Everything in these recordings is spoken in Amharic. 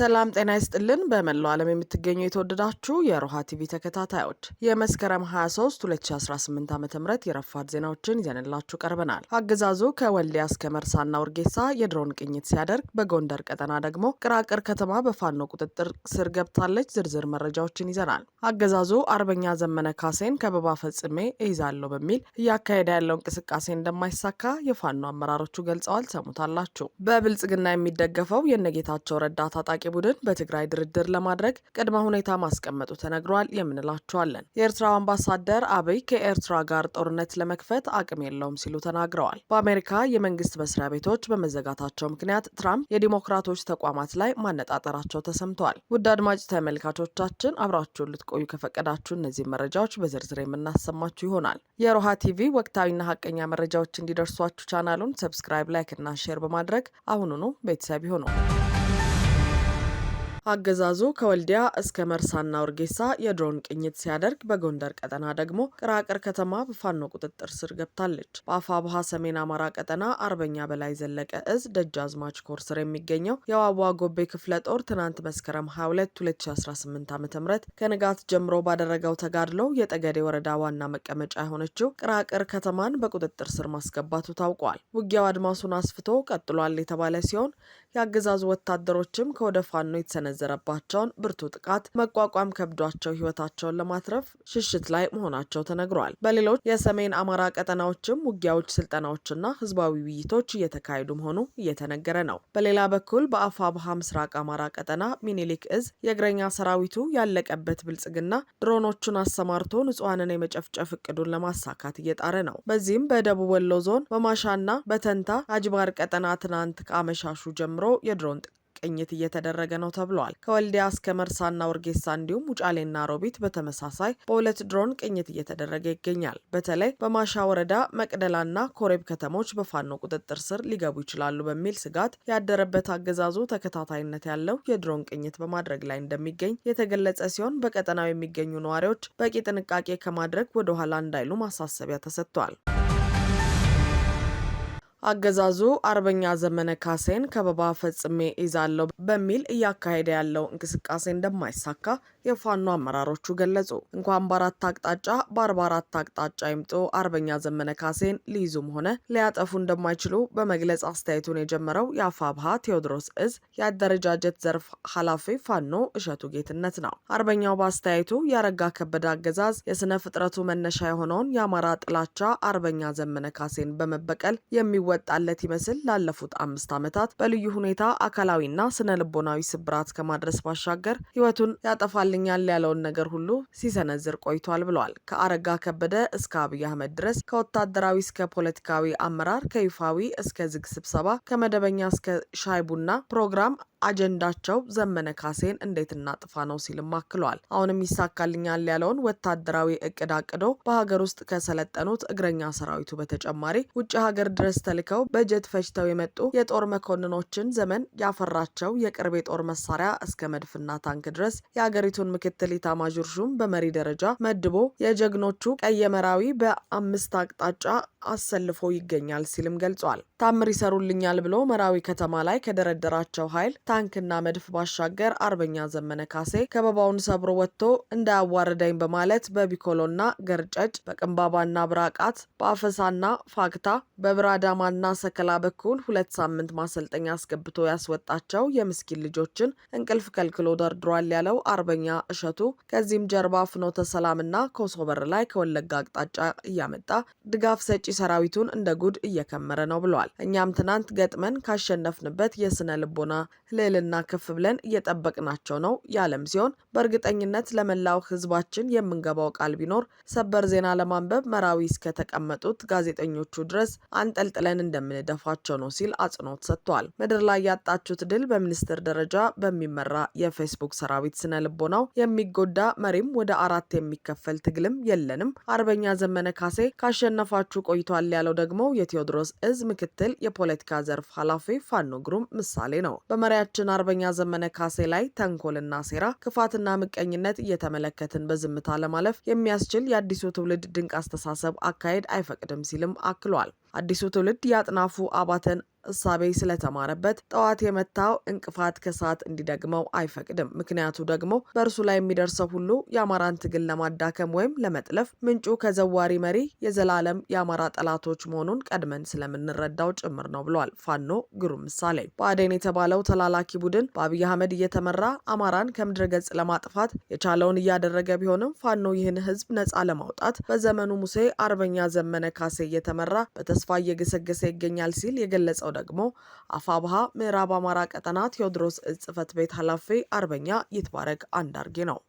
ሰላም ጤና ይስጥልን። በመላው ዓለም የምትገኙ የተወደዳችሁ የሮሃ ቲቪ ተከታታዮች የመስከረም 23 2018 ዓ ም የረፋድ ዜናዎችን ይዘንላችሁ ቀርበናል። አገዛዙ ከወልዲያ እስከ መርሳና ውርጌሳ የድሮን ቅኝት ሲያደርግ፣ በጎንደር ቀጠና ደግሞ ቅራቅር ከተማ በፋኖ ቁጥጥር ስር ገብታለች። ዝርዝር መረጃዎችን ይዘናል። አገዛዙ አርበኛ ዘመነ ካሴን ከበባ ፈጽሜ እይዛለሁ በሚል እያካሄደ ያለው እንቅስቃሴ እንደማይሳካ የፋኖ አመራሮቹ ገልጸዋል። ሰሙታላችሁ። በብልጽግና የሚደገፈው የነጌታቸው ረዳታ ታጣቂ ቡድን በትግራይ ድርድር ለማድረግ ቅድመ ሁኔታ ማስቀመጡ ተነግሯል። የምንላቸዋለን። የኤርትራው አምባሳደር አብይ ከኤርትራ ጋር ጦርነት ለመክፈት አቅም የለውም ሲሉ ተናግረዋል። በአሜሪካ የመንግስት መስሪያ ቤቶች በመዘጋታቸው ምክንያት ትራምፕ የዲሞክራቶች ተቋማት ላይ ማነጣጠራቸው ተሰምተዋል። ውድ አድማጭ ተመልካቾቻችን አብራችሁን ልትቆዩ ከፈቀዳችሁ እነዚህ መረጃዎች በዝርዝር የምናሰማችሁ ይሆናል። የሮሃ ቲቪ ወቅታዊና ሀቀኛ መረጃዎች እንዲደርሷችሁ ቻናሉን ሰብስክራይብ፣ ላይክ እና ሼር በማድረግ አሁኑኑ ቤተሰብ ይሁኑ። አገዛዙ ከወልዲያ እስከ መርሳና ውርጌሳ የድሮን ቅኝት ሲያደርግ በጎንደር ቀጠና ደግሞ ቅራቅር ከተማ በፋኖ ቁጥጥር ስር ገብታለች። በአፋብሃ ሰሜን አማራ ቀጠና አርበኛ በላይ ዘለቀ እዝ ደጃዝማች ኮር ስር የሚገኘው የዋቧ ጎቤ ክፍለ ጦር ትናንት መስከረም 22 2018 ዓ ም ከንጋት ጀምሮ ባደረገው ተጋድሎ የጠገዴ ወረዳ ዋና መቀመጫ የሆነችው ቅራቅር ከተማን በቁጥጥር ስር ማስገባቱ ታውቋል። ውጊያው አድማሱን አስፍቶ ቀጥሏል የተባለ ሲሆን የአገዛዙ ወታደሮችም ከወደ ፋኖ የተሰነ የተሰነዘረባቸውን ብርቱ ጥቃት መቋቋም ከብዷቸው ህይወታቸውን ለማትረፍ ሽሽት ላይ መሆናቸው ተነግሯል። በሌሎች የሰሜን አማራ ቀጠናዎችም ውጊያዎች፣ ስልጠናዎችና ህዝባዊ ውይይቶች እየተካሄዱ መሆኑ እየተነገረ ነው። በሌላ በኩል በአፋብሃ ምስራቅ አማራ ቀጠና ሚኒሊክ እዝ የእግረኛ ሰራዊቱ ያለቀበት ብልጽግና ድሮኖቹን አሰማርቶ ንጹሐንን የመጨፍጨፍ እቅዱን ለማሳካት እየጣረ ነው። በዚህም በደቡብ ወሎ ዞን በማሻና በተንታ አጅባር ቀጠና ትናንት ከአመሻሹ ጀምሮ የድሮን ቅኝት እየተደረገ ነው ተብሏል። ከወልዲያ እስከ መርሳና ወርጌሳ እንዲሁም ውጫሌና ሮቢት በተመሳሳይ በሁለት ድሮን ቅኝት እየተደረገ ይገኛል። በተለይ በማሻ ወረዳ መቅደላና ኮሬብ ከተሞች በፋኖ ቁጥጥር ስር ሊገቡ ይችላሉ በሚል ስጋት ያደረበት አገዛዙ ተከታታይነት ያለው የድሮን ቅኝት በማድረግ ላይ እንደሚገኝ የተገለጸ ሲሆን በቀጠናው የሚገኙ ነዋሪዎች በቂ ጥንቃቄ ከማድረግ ወደ ኋላ እንዳይሉ ማሳሰቢያ ተሰጥቷል። አገዛዙ አርበኛ ዘመነ ካሴን ከበባ ፈጽሜ ይዛለሁ በሚል እያካሄደ ያለው እንቅስቃሴ እንደማይሳካ የፋኖ አመራሮቹ ገለጹ። እንኳን በአራት አቅጣጫ በአርባ አራት አቅጣጫ ይምጦ አርበኛ ዘመነ ካሴን ሊይዙም ሆነ ሊያጠፉ እንደማይችሉ በመግለጽ አስተያየቱን የጀመረው የአፋብሃ ቴዎድሮስ እዝ የአደረጃጀት ዘርፍ ኃላፊ ፋኖ እሸቱ ጌትነት ነው። አርበኛው በአስተያየቱ ያረጋ ከበደ አገዛዝ የስነ ፍጥረቱ መነሻ የሆነውን የአማራ ጥላቻ አርበኛ ዘመነ ካሴን በመበቀል የሚወጣለት ይመስል ላለፉት አምስት ዓመታት በልዩ ሁኔታ አካላዊና ስነ ልቦናዊ ስብራት ከማድረስ ባሻገር ህይወቱን ያጠፋል ይሆንልኛል ያለውን ነገር ሁሉ ሲሰነዝር ቆይቷል ብለዋል። ከአረጋ ከበደ እስከ አብይ አህመድ ድረስ ከወታደራዊ እስከ ፖለቲካዊ አመራር ከይፋዊ እስከ ዝግ ስብሰባ ከመደበኛ እስከ ሻይ ቡና ፕሮግራም አጀንዳቸው ዘመነ ካሴን እንዴት እናጥፋ ነው ሲልም አክሏል። አሁንም ይሳካልኛል ያለውን ወታደራዊ እቅድ አቅዶ በሀገር ውስጥ ከሰለጠኑት እግረኛ ሰራዊቱ በተጨማሪ ውጭ ሀገር ድረስ ተልከው በጀት ፈጅተው የመጡ የጦር መኮንኖችን ዘመን ያፈራቸው የቅርብ የጦር መሳሪያ እስከ መድፍና ታንክ ድረስ የሀገሪቱን ምክትል ኢታማዦር ሹም በመሪ ደረጃ መድቦ የጀግኖቹ ቀየመራዊ በአምስት አቅጣጫ አሰልፎ ይገኛል ሲልም ገልጿል። ታምር ይሰሩልኛል ብሎ መራዊ ከተማ ላይ ከደረደራቸው ኃይል ታንክና መድፍ ባሻገር አርበኛ ዘመነ ካሴ ከበባውን ሰብሮ ወጥቶ እንዳያዋርደኝ በማለት በቢኮሎና ገርጨጭ በቅንባባና ብራቃት በአፈሳና ፋግታ በብራዳማና ሰከላ በኩል ሁለት ሳምንት ማሰልጠኛ አስገብቶ ያስወጣቸው የምስኪን ልጆችን እንቅልፍ ከልክሎ ደርድሯል ያለው አርበኛ እሸቱ ከዚህም ጀርባ ፍኖተ ሰላምና ኮሶበር ላይ ከወለጋ አቅጣጫ እያመጣ ድጋፍ ሰጪ ሰራዊቱን እንደ ጉድ እየከመረ ነው ብሏል። እኛም ትናንት ገጥመን ካሸነፍንበት የስነ ልቦና ልዕልና ከፍ ብለን እየጠበቅናቸው ነው ያለም ሲሆን በእርግጠኝነት ለመላው ሕዝባችን የምንገባው ቃል ቢኖር ሰበር ዜና ለማንበብ መራዊ እስከተቀመጡት ጋዜጠኞቹ ድረስ አንጠልጥለን እንደምንደፋቸው ነው ሲል አጽንኦት ሰጥቷል። ምድር ላይ ያጣችሁት ድል በሚኒስትር ደረጃ በሚመራ የፌስቡክ ሰራዊት ስነ ልቦናው የሚጎዳ መሪም ወደ አራት የሚከፈል ትግልም የለንም። አርበኛ ዘመነ ካሴ ካሸነፋችሁ ቆይቷል ያለው ደግሞ የቴዎድሮስ እዝ ምክትል የፖለቲካ ዘርፍ ኃላፊ ፋኖ ግሩም ምሳሌ ነው። በመሪያ አርበኛችን አርበኛ ዘመነ ካሴ ላይ ተንኮልና ሴራ፣ ክፋትና ምቀኝነት እየተመለከትን በዝምታ ለማለፍ የሚያስችል የአዲሱ ትውልድ ድንቅ አስተሳሰብ አካሄድ አይፈቅድም ሲልም አክሏል። አዲሱ ትውልድ የአጥናፉ አባተን እሳቤ ስለተማረበት ጠዋት የመታው እንቅፋት ከሰዓት እንዲደግመው አይፈቅድም። ምክንያቱ ደግሞ በእርሱ ላይ የሚደርሰው ሁሉ የአማራን ትግል ለማዳከም ወይም ለመጥለፍ ምንጩ ከዘዋሪ መሪ የዘላለም የአማራ ጠላቶች መሆኑን ቀድመን ስለምንረዳው ጭምር ነው ብሏል። ፋኖ ግሩም ምሳሌ ብአዴን የተባለው ተላላኪ ቡድን በአብይ አህመድ እየተመራ አማራን ከምድረ ገጽ ለማጥፋት የቻለውን እያደረገ ቢሆንም ፋኖ ይህን ህዝብ ነጻ ለማውጣት በዘመኑ ሙሴ አርበኛ ዘመነ ካሴ እየተመራ በተ ተስፋ እየገሰገሰ ይገኛል ሲል የገለጸው ደግሞ አፋብሃ ምዕራብ አማራ ቀጠና ቴዎድሮስ ጽህፈት ቤት ኃላፊ አርበኛ አንድ አንዳርጌ ነው።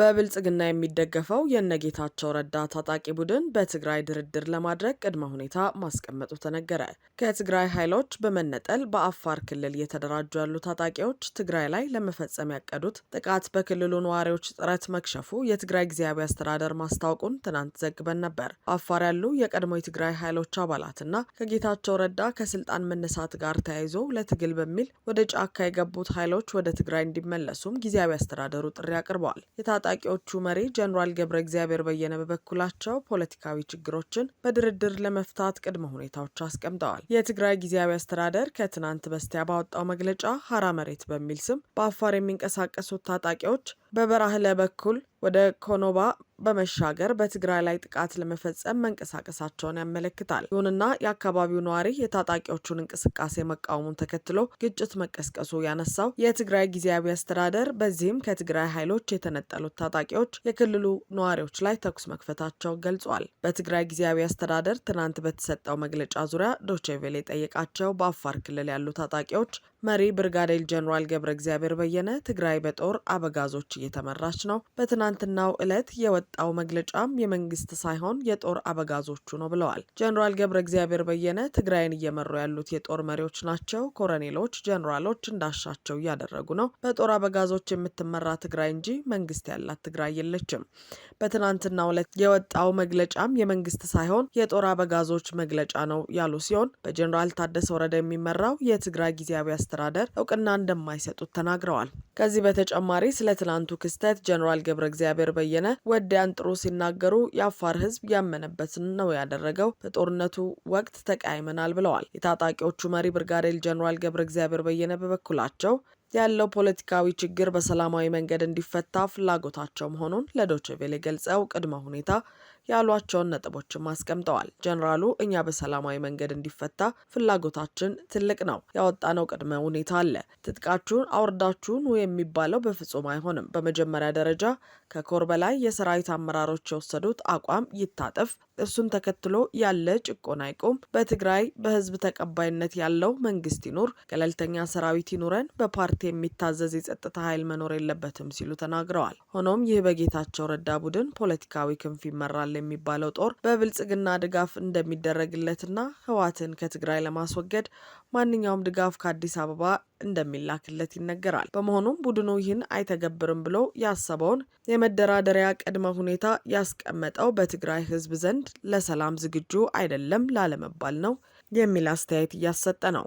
በብልጽግና የሚደገፈው የእነጌታቸው ረዳ ታጣቂ ቡድን በትግራይ ድርድር ለማድረግ ቅድመ ሁኔታ ማስቀመጡ ተነገረ። ከትግራይ ኃይሎች በመነጠል በአፋር ክልል እየተደራጁ ያሉ ታጣቂዎች ትግራይ ላይ ለመፈጸም ያቀዱት ጥቃት በክልሉ ነዋሪዎች ጥረት መክሸፉ የትግራይ ጊዜያዊ አስተዳደር ማስታወቁን ትናንት ዘግበን ነበር። አፋር ያሉ የቀድሞ የትግራይ ኃይሎች አባላትና ከጌታቸው ረዳ ከስልጣን መነሳት ጋር ተያይዞ ለትግል በሚል ወደ ጫካ የገቡት ኃይሎች ወደ ትግራይ እንዲመለሱም ጊዜያዊ አስተዳደሩ ጥሪ አቅርበዋል። የታጣቂዎቹ መሪ ጀኔራል ገብረ እግዚአብሔር በየነ በበኩላቸው ፖለቲካዊ ችግሮችን በድርድር ለመፍታት ቅድመ ሁኔታዎች አስቀምጠዋል። የትግራይ ጊዜያዊ አስተዳደር ከትናንት በስቲያ ባወጣው መግለጫ ሀራ መሬት በሚል ስም በአፋር የሚንቀሳቀሱት ታጣቂዎች በበራህለ በኩል ወደ ኮኖባ በመሻገር በትግራይ ላይ ጥቃት ለመፈጸም መንቀሳቀሳቸውን ያመለክታል። ይሁንና የአካባቢው ነዋሪ የታጣቂዎቹን እንቅስቃሴ መቃወሙን ተከትሎ ግጭት መቀስቀሱ ያነሳው የትግራይ ጊዜያዊ አስተዳደር በዚህም ከትግራይ ኃይሎች የተነጠሉት ታጣቂዎች የክልሉ ነዋሪዎች ላይ ተኩስ መክፈታቸው ገልጿል። በትግራይ ጊዜያዊ አስተዳደር ትናንት በተሰጠው መግለጫ ዙሪያ ዶቼቬሌ ጠየቃቸው። በአፋር ክልል ያሉ ታጣቂዎች መሪ ብርጋዴር ጀኔራል ገብረ እግዚአብሔር በየነ ትግራይ በጦር አበጋዞች እየተመራች ነው፣ በትናንትናው ዕለት የወጣው መግለጫም የመንግስት ሳይሆን የጦር አበጋዞቹ ነው ብለዋል። ጀኔራል ገብረ እግዚአብሔር በየነ ትግራይን እየመሩ ያሉት የጦር መሪዎች ናቸው። ኮረኔሎች፣ ጀኔራሎች እንዳሻቸው እያደረጉ ነው። በጦር አበጋዞች የምትመራ ትግራይ እንጂ መንግስት ያላት ትግራይ የለችም። በትናንትናው ዕለት የወጣው መግለጫም የመንግስት ሳይሆን የጦር አበጋዞች መግለጫ ነው ያሉ ሲሆን በጀኔራል ታደሰ ወረደ የሚመራው የትግራይ ጊዜያዊ አስተዳደር እውቅና እንደማይሰጡት ተናግረዋል። ከዚህ በተጨማሪ ስለ ትናንቱ ክስተት ጀኔራል ገብረ እግዚአብሔር በየነ ወዲያን ጥሩ ሲናገሩ የአፋር ህዝብ ያመነበትን ነው ያደረገው። በጦርነቱ ወቅት ተቀያይመናል ብለዋል። የታጣቂዎቹ መሪ ብርጋዴር ጀኔራል ገብረ እግዚአብሔር በየነ በበኩላቸው ያለው ፖለቲካዊ ችግር በሰላማዊ መንገድ እንዲፈታ ፍላጎታቸው መሆኑን ለዶችቬሌ ገልጸው ቅድመ ሁኔታ ያሏቸውን ነጥቦችም አስቀምጠዋል። ጀኔራሉ እኛ በሰላማዊ መንገድ እንዲፈታ ፍላጎታችን ትልቅ ነው። ያወጣነው ቅድመ ሁኔታ አለ። ትጥቃችሁን አውርዳችሁን የሚባለው በፍጹም አይሆንም። በመጀመሪያ ደረጃ ከኮር በላይ የሰራዊት አመራሮች የወሰዱት አቋም ይታጠፍ፣ እሱን ተከትሎ ያለ ጭቆና ይቁም፣ በትግራይ በህዝብ ተቀባይነት ያለው መንግስት ይኑር፣ ገለልተኛ ሰራዊት ይኑረን፣ በፓርቲ የሚታዘዝ የጸጥታ ኃይል መኖር የለበትም ሲሉ ተናግረዋል። ሆኖም ይህ በጌታቸው ረዳ ቡድን ፖለቲካዊ ክንፍ ይመራል የሚባለው ጦር በብልጽግና ድጋፍ እንደሚደረግለትና ህወሓትን ከትግራይ ለማስወገድ ማንኛውም ድጋፍ ከአዲስ አበባ እንደሚላክለት ይነገራል። በመሆኑም ቡድኑ ይህን አይተገብርም ብሎ ያሰበውን የመደራደሪያ ቅድመ ሁኔታ ያስቀመጠው በትግራይ ሕዝብ ዘንድ ለሰላም ዝግጁ አይደለም ላለመባል ነው የሚል አስተያየት እያሰጠ ነው።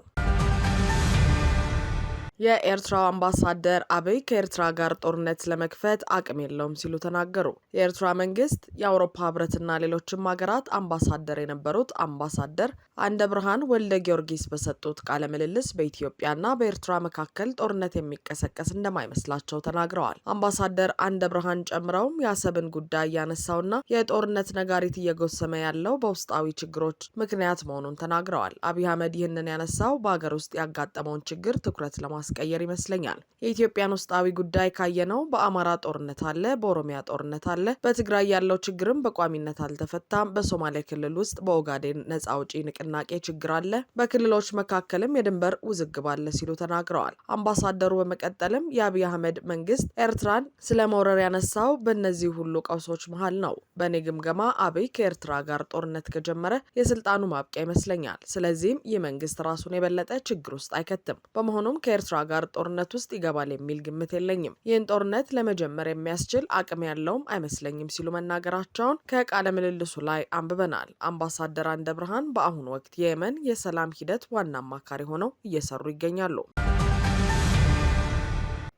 የኤርትራው አምባሳደር አብይ ከኤርትራ ጋር ጦርነት ለመክፈት አቅም የለውም ሲሉ ተናገሩ። የኤርትራ መንግስት የአውሮፓ ህብረትና ሌሎችም ሀገራት አምባሳደር የነበሩት አምባሳደር አንደ ብርሃን ወልደ ጊዮርጊስ በሰጡት ቃለ ምልልስ በኢትዮጵያና በኤርትራ መካከል ጦርነት የሚቀሰቀስ እንደማይመስላቸው ተናግረዋል። አምባሳደር አንደ ብርሃን ጨምረውም የአሰብን ጉዳይ እያነሳውና የጦርነት ነጋሪት እየጎሰመ ያለው በውስጣዊ ችግሮች ምክንያት መሆኑን ተናግረዋል። አብይ አህመድ ይህንን ያነሳው በሀገር ውስጥ ያጋጠመውን ችግር ትኩረት ለማስ ማስቀየር ይመስለኛል። የኢትዮጵያን ውስጣዊ ጉዳይ ካየነው በአማራ ጦርነት አለ፣ በኦሮሚያ ጦርነት አለ፣ በትግራይ ያለው ችግርም በቋሚነት አልተፈታም። በሶማሌ ክልል ውስጥ በኦጋዴን ነጻ አውጪ ንቅናቄ ችግር አለ፣ በክልሎች መካከልም የድንበር ውዝግብ አለ ሲሉ ተናግረዋል። አምባሳደሩ በመቀጠልም የአብይ አህመድ መንግስት ኤርትራን ስለ መውረር ያነሳው በእነዚህ ሁሉ ቀውሶች መሀል ነው። በእኔ ግምገማ አብይ ከኤርትራ ጋር ጦርነት ከጀመረ የስልጣኑ ማብቂያ ይመስለኛል። ስለዚህም ይህ መንግስት ራሱን የበለጠ ችግር ውስጥ አይከትም። በመሆኑም ከኤርትራ ከኤርትራ ጋር ጦርነት ውስጥ ይገባል የሚል ግምት የለኝም። ይህን ጦርነት ለመጀመር የሚያስችል አቅም ያለውም አይመስለኝም ሲሉ መናገራቸውን ከቃለ ምልልሱ ላይ አንብበናል። አምባሳደር አንደ ብርሃን በአሁኑ ወቅት የየመን የሰላም ሂደት ዋና አማካሪ ሆነው እየሰሩ ይገኛሉ።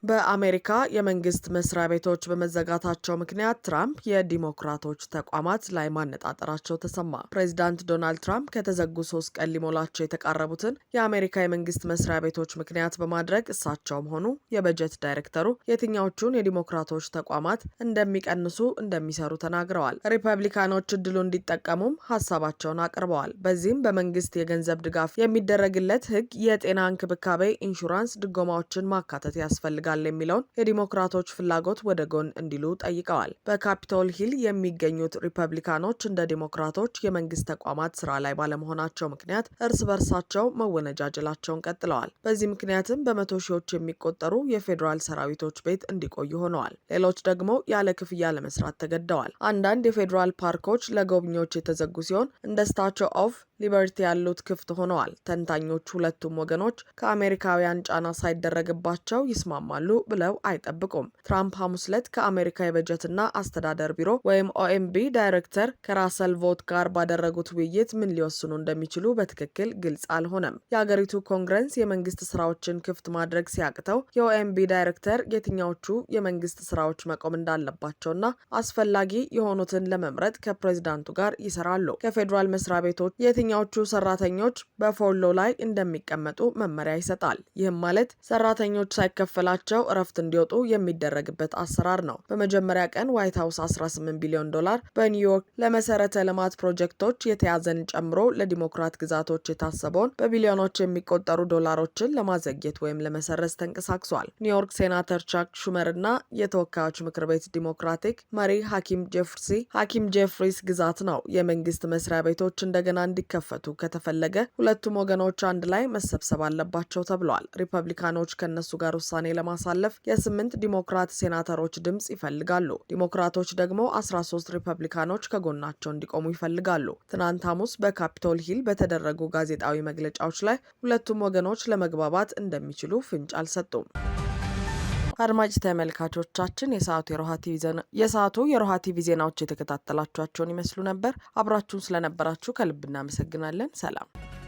በአሜሪካ የመንግስት መስሪያ ቤቶች በመዘጋታቸው ምክንያት ትራምፕ የዲሞክራቶች ተቋማት ላይ ማነጣጠራቸው ተሰማ። ፕሬዚዳንት ዶናልድ ትራምፕ ከተዘጉ ሶስት ቀን ሊሞላቸው የተቃረቡትን የአሜሪካ የመንግስት መስሪያ ቤቶች ምክንያት በማድረግ እሳቸውም ሆኑ የበጀት ዳይሬክተሩ የትኛዎቹን የዲሞክራቶች ተቋማት እንደሚቀንሱ እንደሚሰሩ ተናግረዋል። ሪፐብሊካኖች እድሉ እንዲጠቀሙም ሀሳባቸውን አቅርበዋል። በዚህም በመንግስት የገንዘብ ድጋፍ የሚደረግለት ህግ፣ የጤና እንክብካቤ፣ ኢንሹራንስ ድጎማዎችን ማካተት ያስፈልጋል ያደርጋል የሚለውን የዲሞክራቶች ፍላጎት ወደ ጎን እንዲሉ ጠይቀዋል። በካፒቶል ሂል የሚገኙት ሪፐብሊካኖች እንደ ዲሞክራቶች የመንግስት ተቋማት ስራ ላይ ባለመሆናቸው ምክንያት እርስ በርሳቸው መወነጃጀላቸውን ቀጥለዋል። በዚህ ምክንያትም በመቶ ሺዎች የሚቆጠሩ የፌዴራል ሰራዊቶች ቤት እንዲቆዩ ሆነዋል። ሌሎች ደግሞ ያለ ክፍያ ለመስራት ተገደዋል። አንዳንድ የፌዴራል ፓርኮች ለጎብኚዎች የተዘጉ ሲሆን እንደ ስታቸው ኦፍ ሊበርቲ ያሉት ክፍት ሆነዋል። ተንታኞች ሁለቱም ወገኖች ከአሜሪካውያን ጫና ሳይደረግባቸው ይስማማሉ ብለው አይጠብቁም። ትራምፕ ሐሙስ ዕለት ከአሜሪካ የበጀትና አስተዳደር ቢሮ ወይም ኦኤምቢ ዳይሬክተር ከራሰል ቮት ጋር ባደረጉት ውይይት ምን ሊወስኑ እንደሚችሉ በትክክል ግልጽ አልሆነም። የአገሪቱ ኮንግረስ የመንግስት ስራዎችን ክፍት ማድረግ ሲያቅተው የኦኤምቢ ዳይሬክተር የትኛዎቹ የመንግስት ስራዎች መቆም እንዳለባቸውና አስፈላጊ የሆኑትን ለመምረጥ ከፕሬዚዳንቱ ጋር ይሰራሉ። ከፌዴራል መስሪያ ቤቶች አብዛኛዎቹ ሰራተኞች በፎሎ ላይ እንደሚቀመጡ መመሪያ ይሰጣል። ይህም ማለት ሰራተኞች ሳይከፈላቸው እረፍት እንዲወጡ የሚደረግበት አሰራር ነው። በመጀመሪያ ቀን ዋይት ሀውስ 18 ቢሊዮን ዶላር በኒውዮርክ ለመሰረተ ልማት ፕሮጀክቶች የተያዘን ጨምሮ ለዲሞክራት ግዛቶች የታሰበውን በቢሊዮኖች የሚቆጠሩ ዶላሮችን ለማዘግየት ወይም ለመሰረዝ ተንቀሳቅሷል። ኒውዮርክ ሴናተር ቻክ ሹመር ና የተወካዮች ምክር ቤት ዲሞክራቲክ መሪ ሀኪም ጄፍርሲ ሀኪም ጄፍሪስ ግዛት ነው የመንግስት መስሪያ ቤቶች እንደገና እንዲከ እንዲከፈቱ ከተፈለገ ሁለቱም ወገኖች አንድ ላይ መሰብሰብ አለባቸው ተብሏል። ሪፐብሊካኖች ከእነሱ ጋር ውሳኔ ለማሳለፍ የስምንት ዲሞክራት ሴናተሮች ድምፅ ይፈልጋሉ። ዲሞክራቶች ደግሞ 13 ሪፐብሊካኖች ከጎናቸው እንዲቆሙ ይፈልጋሉ። ትናንት ሐሙስ በካፒቶል ሂል በተደረጉ ጋዜጣዊ መግለጫዎች ላይ ሁለቱም ወገኖች ለመግባባት እንደሚችሉ ፍንጭ አልሰጡም። አድማጭ ተመልካቾቻችን የሰዓቱ የሮሃ ቲቪ ዜና ቲቪ ዜናዎች የተከታተላችኋቸውን ይመስሉ ነበር። አብራችሁን ስለነበራችሁ ከልብ እናመሰግናለን። ሰላም